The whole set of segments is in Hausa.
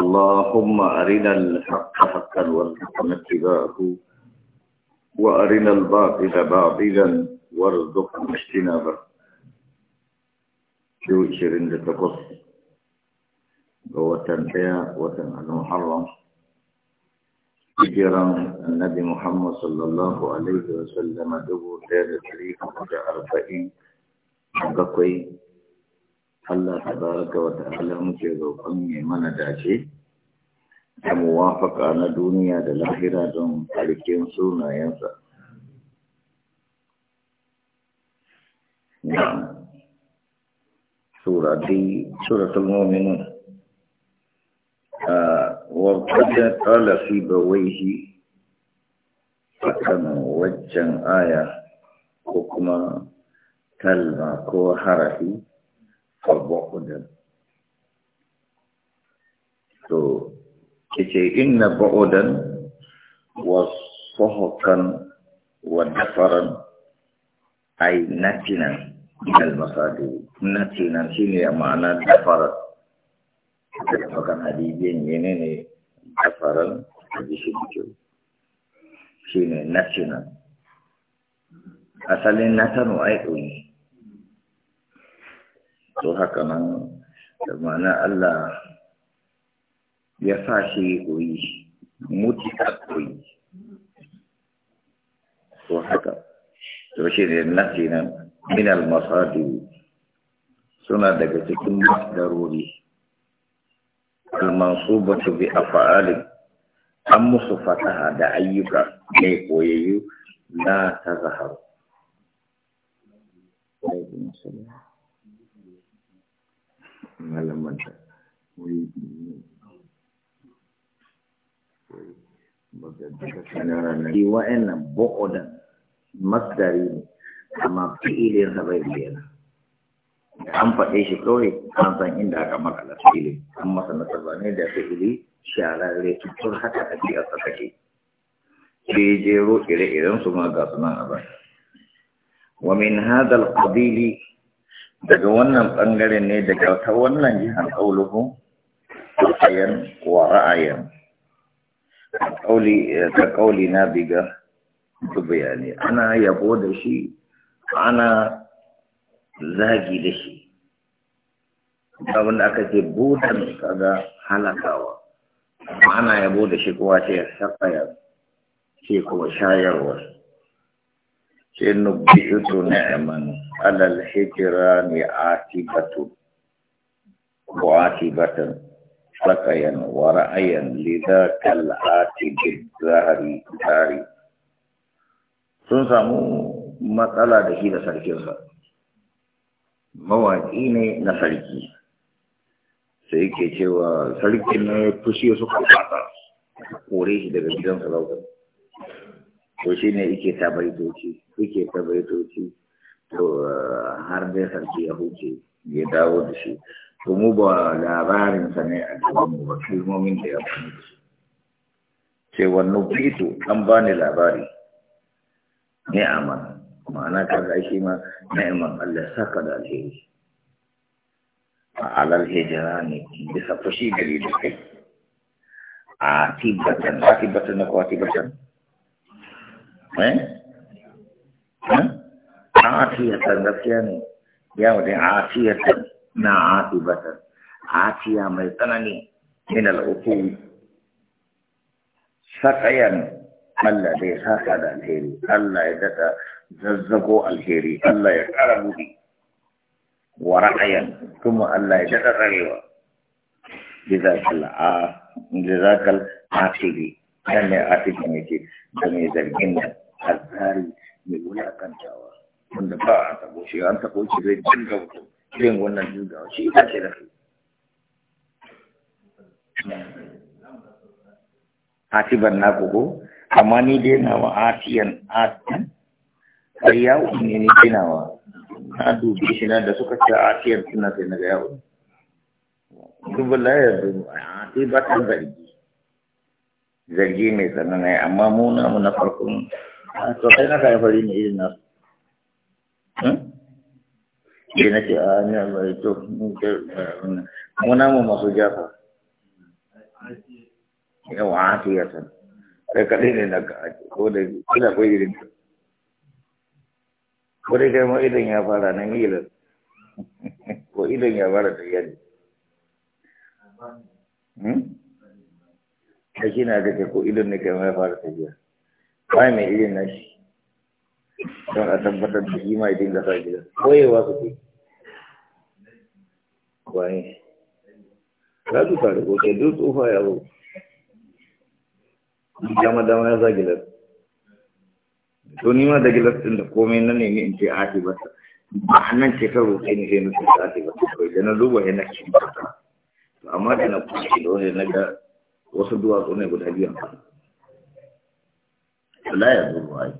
اللهم أرنا الحق حقا وارزقنا اتباعه وأرنا الباطل باطلا وارزقنا اجتنابه شو شرين لتقص وتنحيا وتن المحرم هجرا النبي محمد صلى الله عليه وسلم دبو تاريخ حقا بقي Allah tabaraka wa ta'ala muke roƙon mai mana dace da muwafaka na duniya da lahira don ƙarfin sunayensa. Na Sura dai suratul mu'minun. Ah, wa qad qala fi a kan waccan aya ko kuma kalma ko harafi farbo din to yace inna ba'udan wa sahakan wa dafaran ay natinan minal masadi natinan shine ma'ana dafaran dafaran hadijin ini nih dafaran di sini shine natinan asalin natanu ay ɗoyi to haka nan da mana Allah ya sa shi koyi mutu ta koyi to haka to shi ne nasi nan min al-masadi suna daga cikin masdarori al-mansubatu bi af'alin an musu fataha da ayyuka ne koyayyu la ta zaharu. Alaikum salam. malam manta wai baka duka sanara na yi wa'annan bu'udan masdari ne amma fi'ilin sa bai bayyana an faɗe shi kawai an san inda aka makala fi'ilin an masa nasaba ne da fi'ili shararre tun haka ɗabi'ar sa take ke jero ire-iren su ma ga sunan a wa min هذا القبيل daga wannan bangare ne daga ta wannan jihar ƙauluhu ra'ayan wa ra'ayan eh, ta ƙauli na biga su bayani ana yabo da shi ana zagi da shi wanda aka ce budan kaga halakawa ana yabo da shi kowa ce sakayar ce kuma shayarwa. ce nubbi'utu ni'man alal hijrani atibatu wa atibatan sakayan wa ra'ayan lidha kal atibid zahari zahari sun samu matsala da shi da sarkinsa mawaƙi ne na sarki sai ke cewa sarkin na fushi suka fata kore shi daga gidan sarauta to shi ne ike ta baitoci yake ta baitoci to eh, har dai sarki ya huce ya dawo da shi to mu ba labarin sa ne a gaban mu ba kalmomin da ya fani da shi? ce wannan fito an bani labari Ne ni'aman ma'ana ka ga shi ma ni'aman Allah saka da alheri a alal hijira ne bisa fushi gari da kai a tibbatan a tibbatan na kuwa tibbatan Eh? Afiyatan gaskiya ne, ya wajen afiyatan na afibatan, afiya mai tsanani min al'ukuri. Sakayan Allah da ya saka da alheri, Allah ya daɗa zazzago alheri, Allah ya ƙara buɗi. Wa ra'ayan kuma Allah ya daɗa tsarewa. Jizakal a, jizakal afiri, kan ne afiri ne ce, da mai zargin nan. azzari mai wulakantawa wanda ba a tabo shi an tabo shi zai dinga mutum irin wannan dinga shi ita ce da su ban na koko amma ni dai nawa asiyan asiyan sai yawo ne ni dai wa na dubi shi na da suka ce asiyan suna sai na ga yawo dubu layar dubu a sai ba ta zargi zargi mai tsananai amma mu na mu na farkon to kai na kai fari ne irin nasu hmm? sai na ce a ni albai to muna mu masu jafa yawa hati ya san kai kaɗai ne na ka ake ko da kila ko irin ko dai kai ma idan ya fara nan ilan ko idan ya fara da yadda hmm? kai shi na da ko idan ne kai ma ya fara tafiya ba mai irin nashi don a tabbatar da shi mai dinga sa gida koyewa su ke waye Ya su faru ko ke duk tsofa ya zo dama dama ya sa gilas to ni ma da gilas din da komai na nemi in ce ake ba ba nan ce ta roƙe ni sai na ce ake ba kawai da na duba yana cikin amma da na kushe da wani na ga wasu duwatsu ne guda biyu a kan لا يضر أي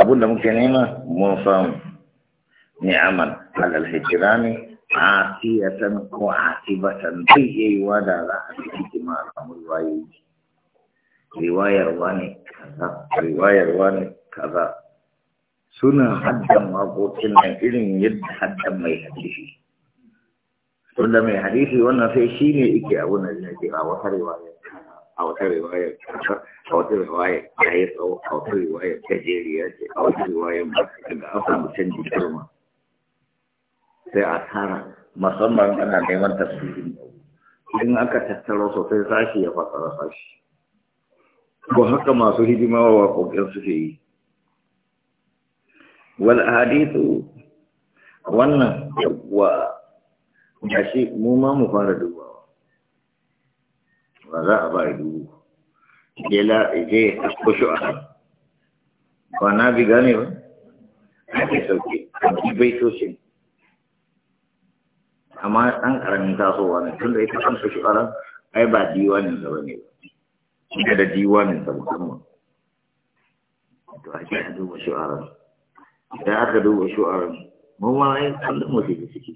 أقول لك نعمة منصام نعما على الهجران عافية وعاتبة بي أي راح في ما الأمر رواية رواني كذا رواية رواني كذا سنة حد ما قوتنا إلين يد حدا ما يحدثي ولا ما يحدثي وانا في شيني إكي أبونا الذي وحر رواية a wata riwayar a wata riwayar ya yi tsawo a wata riwayar gajeriya ce a wata riwayar ba daga an samu canji girma sai a tara musamman ana neman tafsirin in aka tattara sosai sashi ya fasara sashi ko haka masu hidimawa wa waƙoƙin suke yi wal hadithu wannan yawwa shi mu ma mu fara duba ba za a ba dubu je la je ko shu'a ba na bi gane ba ke sauke a bai sosai amma ɗan ƙaramin tasowa ne tun da ita kansa shu'ara ai ba diwanin sa ne ba ita da diwanin sa musamman to a ke a duba shu'aran idan aka duba shu'aran mun ma ai kallon mu da suke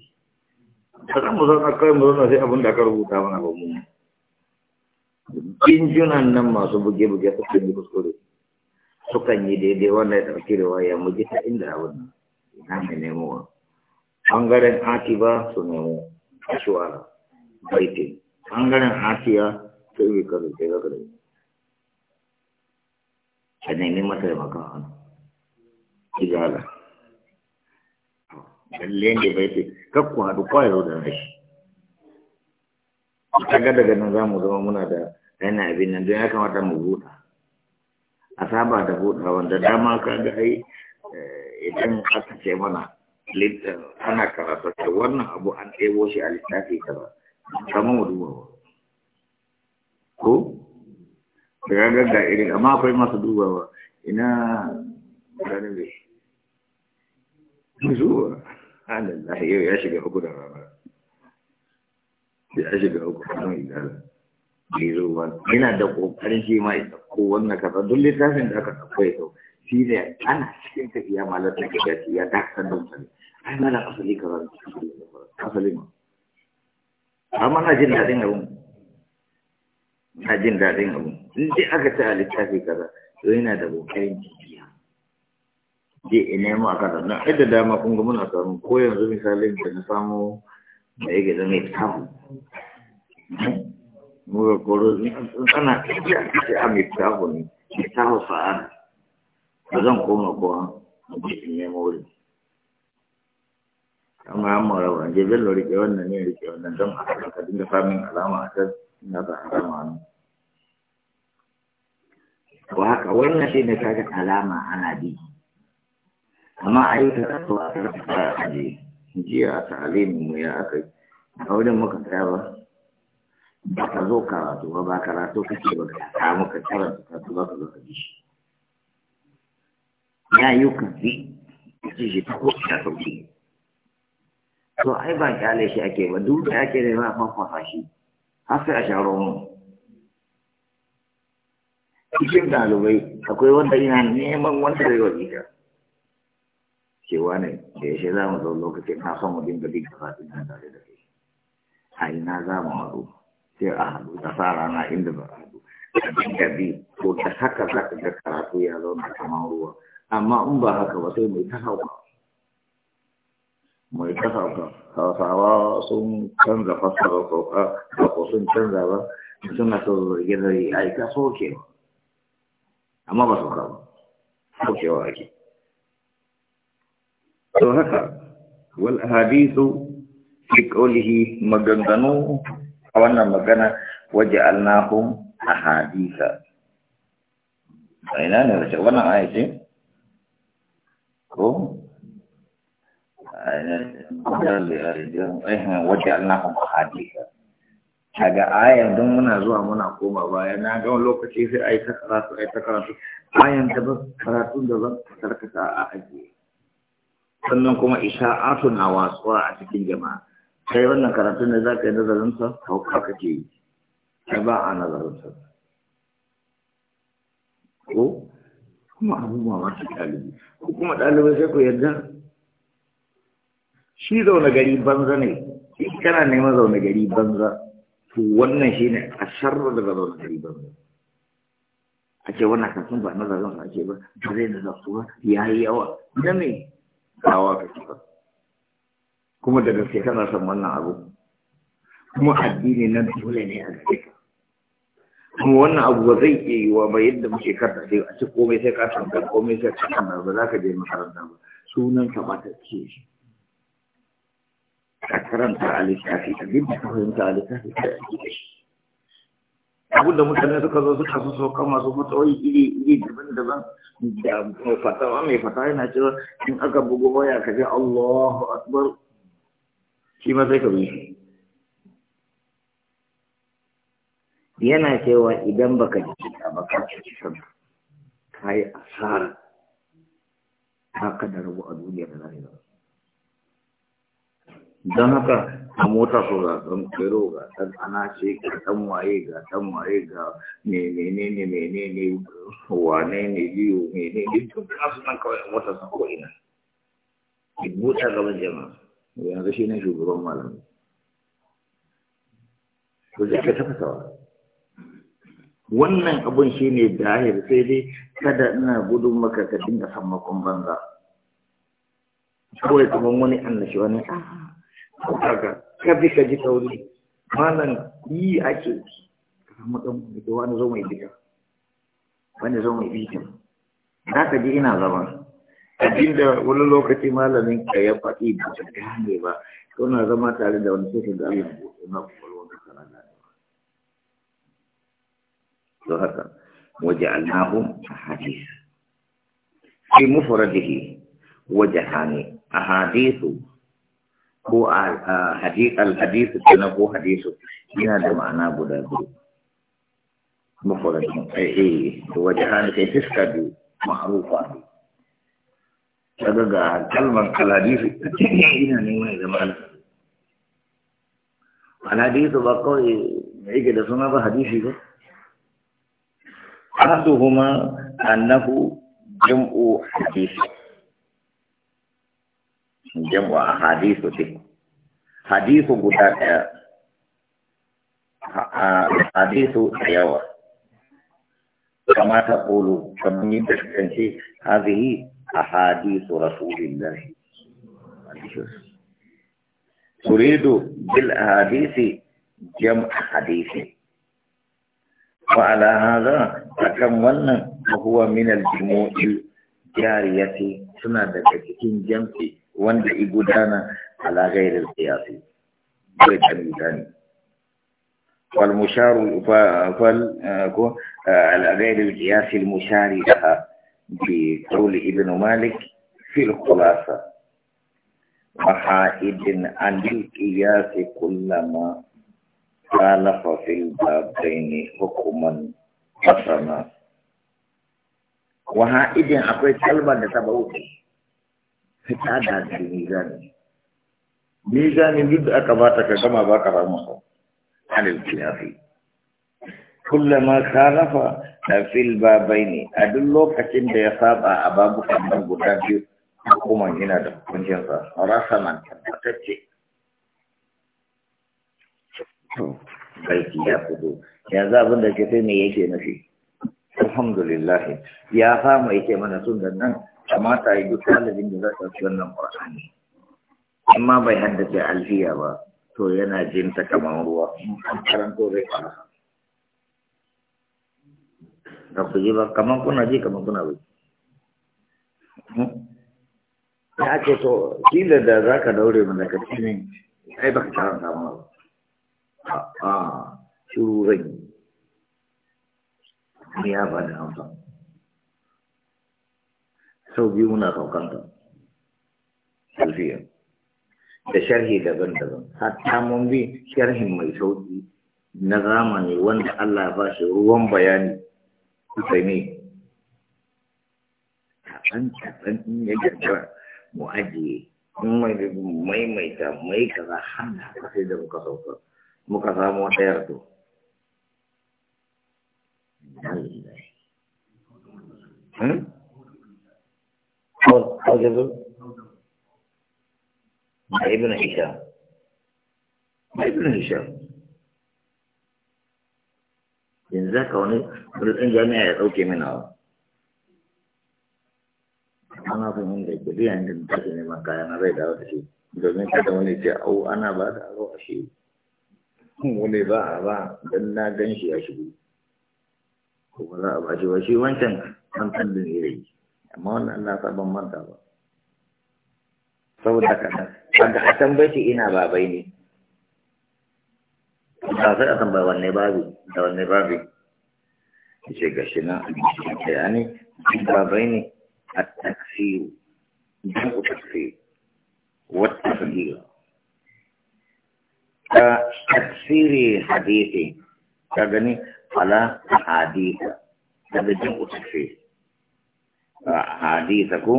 sannan mu zauna kai mu zauna sai abin da aka rubuta mana ba mu jinjunan nan masu buge-buge sukan yi kuskure sukan yi daidai wanda ya ɗauki riwaya mu ji ta inda abin ina mai nemowa ɓangaren ati ba su nemo a shuwara ɓangaren atiya ta yi karu ta yi karu a nemi mataimakan hannu igala lalle ne baitin kakku haɗu kwayo da rashi ta ga daga nan za mu zama muna da yana abin nan don ya kamata mu buɗa a saba da buɗa wanda dama ka ga ai eh, idan aka ce mana eh, ana karatu da wannan abu an ɗebo shi a littafi kaza kama mu duba ba ko daga gagga irin amma akwai masu dubawa ina ganin bai zuwa hannun yau ya shiga uku da rana ya shiga uku da rana bai zo ba yana da kokarin shi ma ita ko wannan kasa duk littafin da aka kafa ya ɗauko shi ne ana cikin iya malar da kika ci ya dakatar da mutane ai mana asali kaza asali ma amma na jin daɗin abin na jin daɗin abin in dai aka ci a littafi kaza to yana da kokarin tafiya je in nemo a kaza na ai da dama kun ga muna samu ko yanzu misalin da na samu da yake zama ya samu muka koro ana tafiya a mai taho ne ba zan koma kowa a cikin memori amma an mara wa je bello rike wannan ne rike wannan don a haka ka dinga samun alama a can na ba alama nan ko wannan shi ne alama ana bi amma a yi ta tsawo a karfafa a a ya aka yi a wajen muka tsaya ba ka zo karatu ba ba karatu kake ba ka samu ka karanta ka zo ka zo ka ji shi ya yi ka ji ji ta kuma ta sauki to ai ba kyale shi ake ba duk da ake ne ba fafafa shi har sai a sharo mu cikin ɗalibai akwai wanda yana neman wanda zai wasiƙa cewa ne da ya za mu zo lokacin na son mu dinga bin karatun nan tare da kai a ina za mu haɗu sai a haɗu na inda ba haɗu da bi ko da haka za ka ga karatu ya zauna kamar ruwa amma in ba haka ba sai mai ta hauka mai ta hauka hausawa sun canza fassara sauka ba ko sun canza ba suna so zarge zai aika soke. amma ba sauka ba sokewa ake to haka wal hadithu fi qawlihi maganganu a wannan magana waje alnahum a hadisa a ina ne wace wannan aya ce ko waje alnahum a hadisa daga ayan don muna zuwa muna koma baya na ga lokaci sai a yi ta karatu a yi ta karatu ayan da ba karatu da ba karkata a ajiye sannan kuma isha'atu a wasuwa a cikin jama'a kai wannan karatun ne za ka yi nazarinsa ka kake yi ta ba a nazarinsa ko kuma abubuwa masu ɗalibi ko kuma ɗalibai sai ku yarda shi zaune gari banza ne kana neman zaune gari banza to wannan shi ne a sharra daga zaune gari banza a ce wannan kasan ba nazarinsa ake ba ba zai nazarsu ba ya yi yawa na me kawa kake ba kuma da gaske kana son wannan abu kuma addini na dole ne a gaske kuma wannan abu ba zai iya yiwa ba yadda muke karta sai a ci komai sai ka san tanka komai sai ka san ba za ka je makaranta ba sunan ka ba ta ce shi ka karanta a lissafi a gidi ka fahimta a lissafi ka yi da shi abin da mutane suka zo suka su sauka masu fatawai iri iri daban-daban da fatawa mai fata yana cewa in aka bugu waya ka ce Allahu Akbar shi ma sai ka bi shi yana cewa idan baka ji ka ba ka ci san ka yi asara ta ka da rabu a duniya da lahira don haka a mota ko ga ɗan kero ga ɗan anace ga ɗan waye ga ɗan waye ga menene ne menene wane ne biyu menene duk kasu nan kawai mota sa ko ina ki buɗa gaban jama'a yanzu shi ne shugaban malami Ko da ka tafasawa wannan abun shi ne dahir sai dai kada ina gudun maka ka dinga sammakon banza kawai kuma wani annashi wani ah, ah, ah, kaga ka bi ka ji kauri malam yi ake ka samu ɗan wani zo mai bita wani zo mai bita za ka ji ina zaman. abin da wani lokaci malamin ka ya faɗi ba ta gane ba na zama tare da wani sai ga Allah ya na kwalwa da kana da to haka waja'alnahu ahadith fi mufradihi wajahani ahadithu ko hadith al-hadith kana ko hadithu yana da ma'ana guda biyu mufradin eh eh wajahani kai fiska biyu ma'rufa biyu kaga ga kalman alhadisi ina neman ya zama alhadisi alhadisi ba kawai da yake da suna ba hadisi ba ahduhuma annahu jam'u hadisi jam'u ahadisu din hadisu guda daya hadisu da yawa kama ta ƙulu kamar yadda sukan ce hazihi أحاديث رسول الله تريد بالأحاديث جمع حديث وعلى هذا تكملنا وهو من الجموع الجارية سنة كتين جمع وند إبدانا على غير القياس ويتميزان والمشار فال آه، آه، على غير القياس المشار لها بقول ابن مالك في الخلاصة وحائد عن القياس كلما خالف في البابين حكما حسنا وحائد أقول كلمة تبوتي فتادا في ميزان ميزاني جد أكباتك كما باكر المصر عن القياس kullama khalafa fil babaini a duk lokacin da ya saba a babukan nan guda biyu hukuman yana da hukuncin sa rasaman tabbatacce to ya fito yanzu abin da ke sai me yake nafi alhamdulillah ya fama yake mana sun da nan kamata yi duk talibin da za ci wannan qur'ani amma bai haddace alfiya ba to yana jinta kamar ruwa karanto zai fara Waktu jiwa, kamu ba kamar kuna pun kamar kuna bai ya ce to kila da za ka daure mana ka ci min ai baka karanta mana ba a shiru zan yi ya ba da amsa sau biyu muna saukanta alfiya da sharhi daban-daban hatta mun bi sharhin mai sauki na zamani wanda Allah bahasa shi ruwan bayani Usaimi kaɗan kaɗan in ya gagara mu ajiye in maimaita mai kaza hana ka sai da muka sauka muka samu wata yarda hmm? Hau jazu? Ma ibn Hisham. Ma ibn Hisham. Yanzu ka wani Terus jami'a ya ɗauke min nawa ana fi min da ke biyan da ta ke neman kaya na zai dawo da shi domin kada wani ce au ana ba da aro a shi wani ba a ba don na gan shi ya ko ba a ba ba shi wancan ya yi amma ina babai ne ba sai a tambaye da ce ga shi nan bayani babai ne a taksiyu don ku taksiyu wata fahila ta taksiri hadisi ka gani ala hadisa daga jin ku taksiyu hadisa ko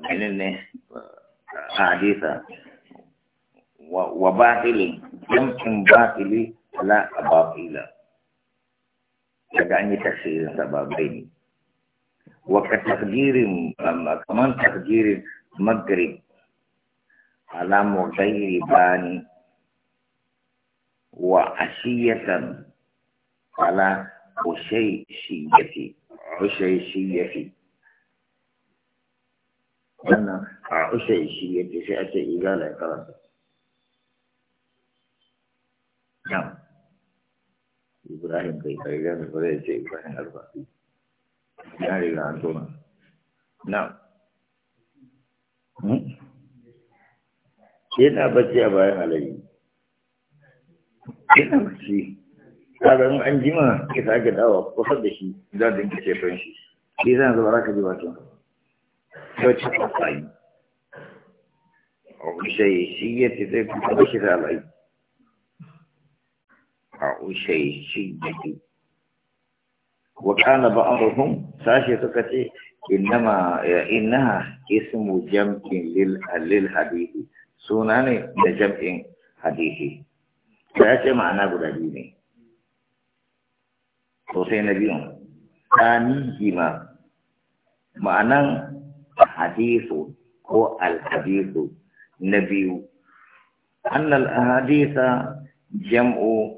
menene hadisa wa batili jam'in batili ala abatila daga an yi tafsirin sababai ne wa ka tafjirin kaman tafjirin maghrib alamu gairi bani wa ashiyatan ala ushayshiyati ushayshiyati wannan a ushayshiyati sai a ce igala karanta Ibrahim kai hmm? yana bacci a bayan alayi yana bacci kagan an jima ya sake dawa kusa da shi za ta yanke shefan shi shi zan zuba raka ji bakin bacci a bayan shi ya ce zai shi da alayi ushaishi da ke wakana sashe suka ce inna ismu jam'in lil hadithi suna ne da jam'in hadithi ya ce ma'ana guda biyu ne sosai na biyun tanihima ma'anan hadithu ko al-hadithu na biyu annal hadisa jam'u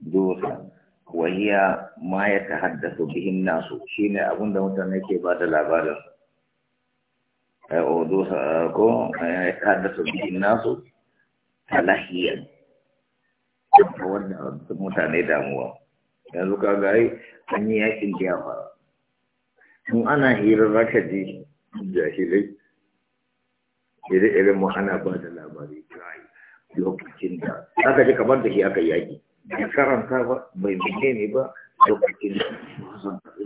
dosa wahiya ma ya haddasa bihin nasu shine abin da mutane ke ba da labarin eh, dosa ko ya haddasa bihin nasu talahiyar wadda mutane damuwa yanzu ka gari an yi yakin jafa in ana hirar raka ji jahilai ire-iren mu ana ba da labari kai lokacin da aka ji kamar da shi aka yaki da karanta ba bai ne ba lokacin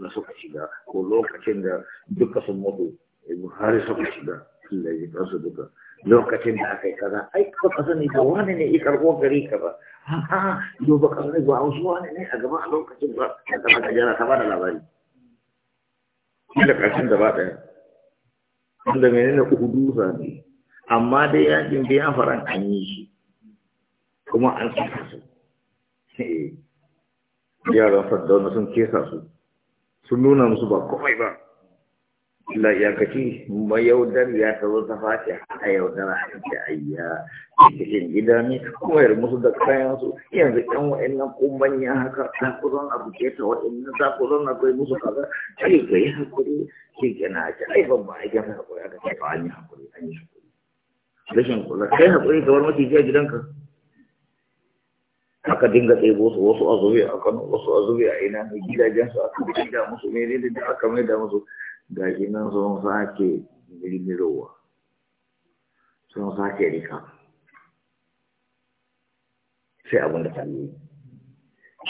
da suka shiga ko lokacin da duka sun mutu buhari suka shiga Allah ya kasu duka lokacin da aka yi kaza ai ka ka sani ba wani ne ikar karbo gari ka ba ha yo ba ka ba ba wasu wani ne a gaba a lokacin ba ka taba ka jana ka bada labari kila karshen da ba daya wanda menene uhudu ne amma dai yakin biya faran an yi shi kuma an saka kasu. Eh, yaran fardauna sun kesa su sun nuna musu ba komai ba illa ya kaci yaudar ya tazo ta fashe a yaudar a ce ayya cikin gida ne koyar musu da kayan su yanzu ɗan wa'annan kumban ya haka ta kuzon abu ke ta wa'annan ta kuzon kai musu kaza ai ga yi hakuri ke gina ce ai ban ba a gina hakuri aka ce ba an yi hakuri an yi hakuri rashin kula kai hakuri kamar mace gidanka dinga ɗebo su wasu a zuwa a kano wasu a zuwa a ina mai gidajen su aka bi da musu ne ne da aka mai da musu ga nan sun sake mirmirowa sun sake rika sai abin da kalli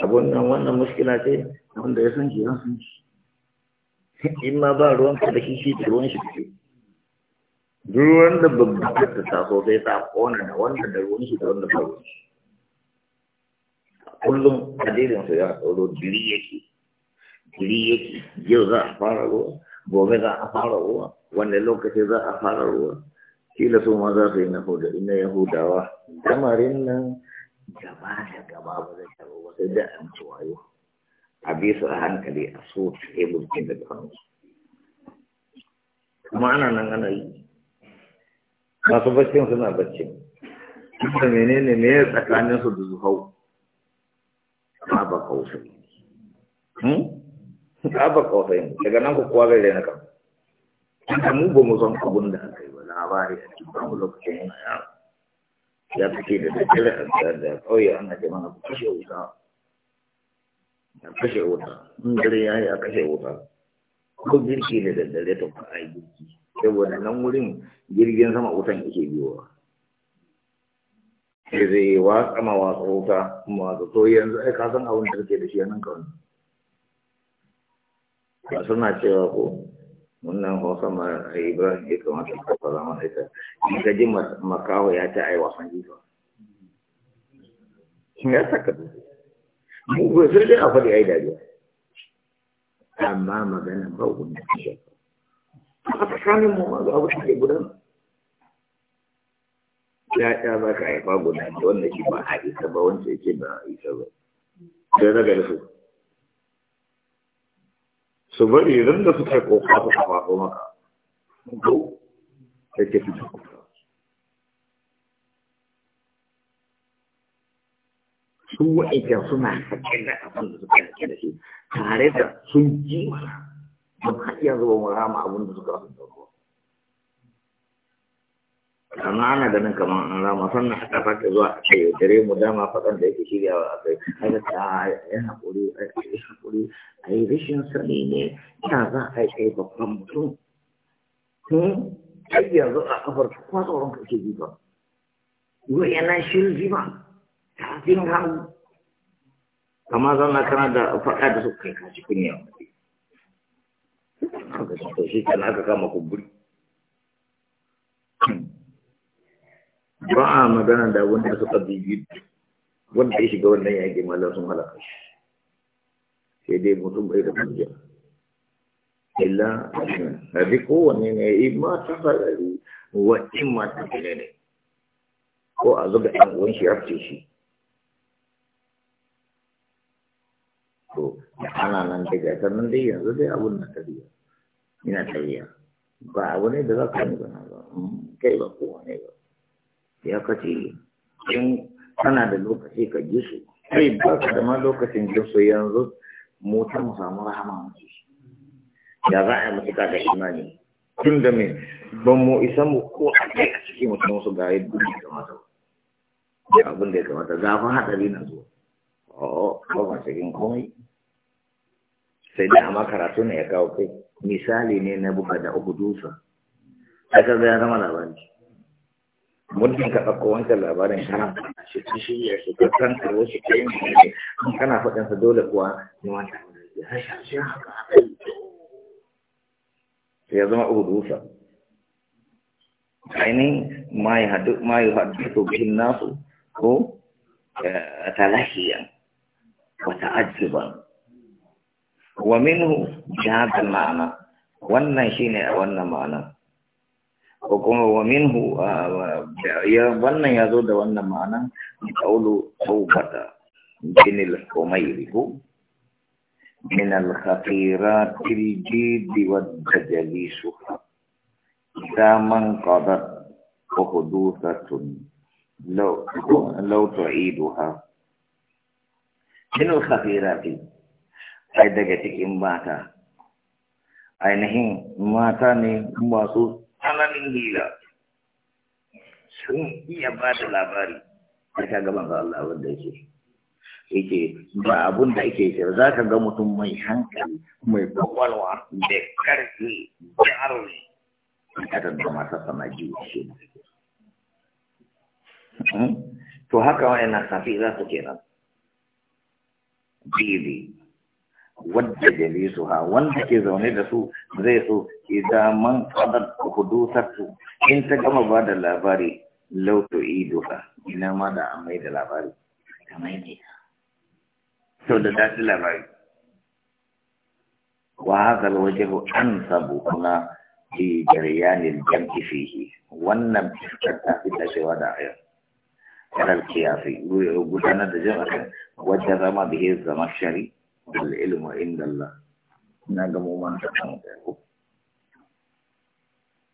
abin nan wannan muskila ce wanda ya san shi ya san shi in ma ba ruwan ka da shi da ruwan shi ce duk wanda babba ta taso sai ta kona da wanda da ruwan shi da wanda ba ruwan shi kullum addinin su ya tsoro jiri yake jiri yake yau za a fara ruwa gobe za a fara ruwa wanda lokaci za a fara ruwa kila su ma za su yi na na yahudawa kamarin nan gaba da gaba ba zai taro wasu da an tuwayo a bi su a hankali a so tebur da daga hannu kuma ana nan ana yi masu baccin suna baccin kuma menene ne tsakanin su da zuhau ƙaba hmm ƙaba kausai daga nan ku kuwa gare daina kan ta mu ba mu san abun da aka yi ba labari a cikin bamu lokacin yana yaro ya fice da daddare a tsayar da ƙauye ana jama'a ku kashe wuta a kashe wuta in dare ya yi a kashe wuta ko girki da daddare ta ku a yi girki saboda nan wurin jirgin sama wutan yake biyowa sai zai watsa ma watsa wuta watsa to yanzu ai ka san abin da kake da shi nan kawai ba suna cewa ko wannan hausa ma ibrahim ya kamata ka fara ita in ka ji makawa ya ta jifa ya saka mu sai dai a faɗi ai dariya amma magana ba wani shi a tsakanin mu ma ga abu da ke gudana ya'ya za ka haifa guda ne wanda ke ba a isa ba wanda yake ba a isa ba sai daga su su bari idan da suka yi kofa su kafa ko maka ko sai ke kofa su wa'ita suna hakin da abin da suka yi da shi tare da sun ji mana don har yanzu ba mu ma abin da suka rasa amma ana ganin kamar an rama sannan haka fata zuwa a kai dare mu dama faɗan da yake shirya wa kai haka ta yi haƙuri a yi haƙuri a yi rashin sani ne ina za a kai babban mutum kai hmm? yanzu a kafar kuma tsoron kake ji ba yau yana shirin ji ba tafin hannu zan na kana da faɗa da su kai kaci kunya aka shi na aka kama kumburi hmm. ba a magana da wanda suka bibi wanda ya shiga wannan yaƙi malar sun halaka shi sai dai mutum bai da kungiya illa a duk kowane ne yi ta farari wa in ta fine ne ko a zuba ɗan uwan shi rafce shi to da ana nan da gata nan dai yanzu dai abun na tariya ina tariya ba abu ne da za ka yi ba mm, kai ba kowane ba kace in kana da lokaci ka ji su kai ba ka da ma lokacin ji su yanzu mu ta mu samu rahama ya za a yi mutu da imani tun da me ban mu isa mu ko a kai a cikin mutum su ga yadda ya kamata ba abin da ya kamata zafin haɗari na zuwa oo ba ba cikin komai sai dai amma karatu ne ya kawo kai misali ne na buga da uku aka ga ya zama labari muddin ka ɗauko wancan labarin kana shi ta shirya shi ka san ka wasu kayan ne in kana faɗin sa dole kuwa ne wanda ya zama udusa ainihin ma ya haɗu ma ya haɗu to bihin nasu ko eh, talahiyan wa ba. wa minhu jihar hadha ma'ana. wannan shine a wannan ma'ana ko kuma wa minhu ya wannan ya zo da wannan ma'ana qawlu tawbata bin al-humayri ko min al-khatirat al-jid wa tajalisuha zaman qadat huduthatun law law tu'iduha min khatirat ai daga cikin mata ainihin mata ne masu tsananin hila sun iya ba da labari a sha gama ga Allah wanda yake yake ba abun da ake ce za ka ga mutum mai hankali mai kwakwalwa da karfi da arwi ka da masa sama jiwa shi hmm? to haka na safi za su kenan bibi wadda su ha wanda ke zaune da su zai so idan man qadar su. in ta gama ba da labari ido tu'iduha ina ma da amai da labari kamar ne to da dadi labari wa ko an sabu kuna fi jariyanin jam'i fihi wannan fiskar ta fi tashewa da ayar karar kiyasi gudanar da jama'a wajen zama da zama shari'a والعلم عند الله نعم وما تقوم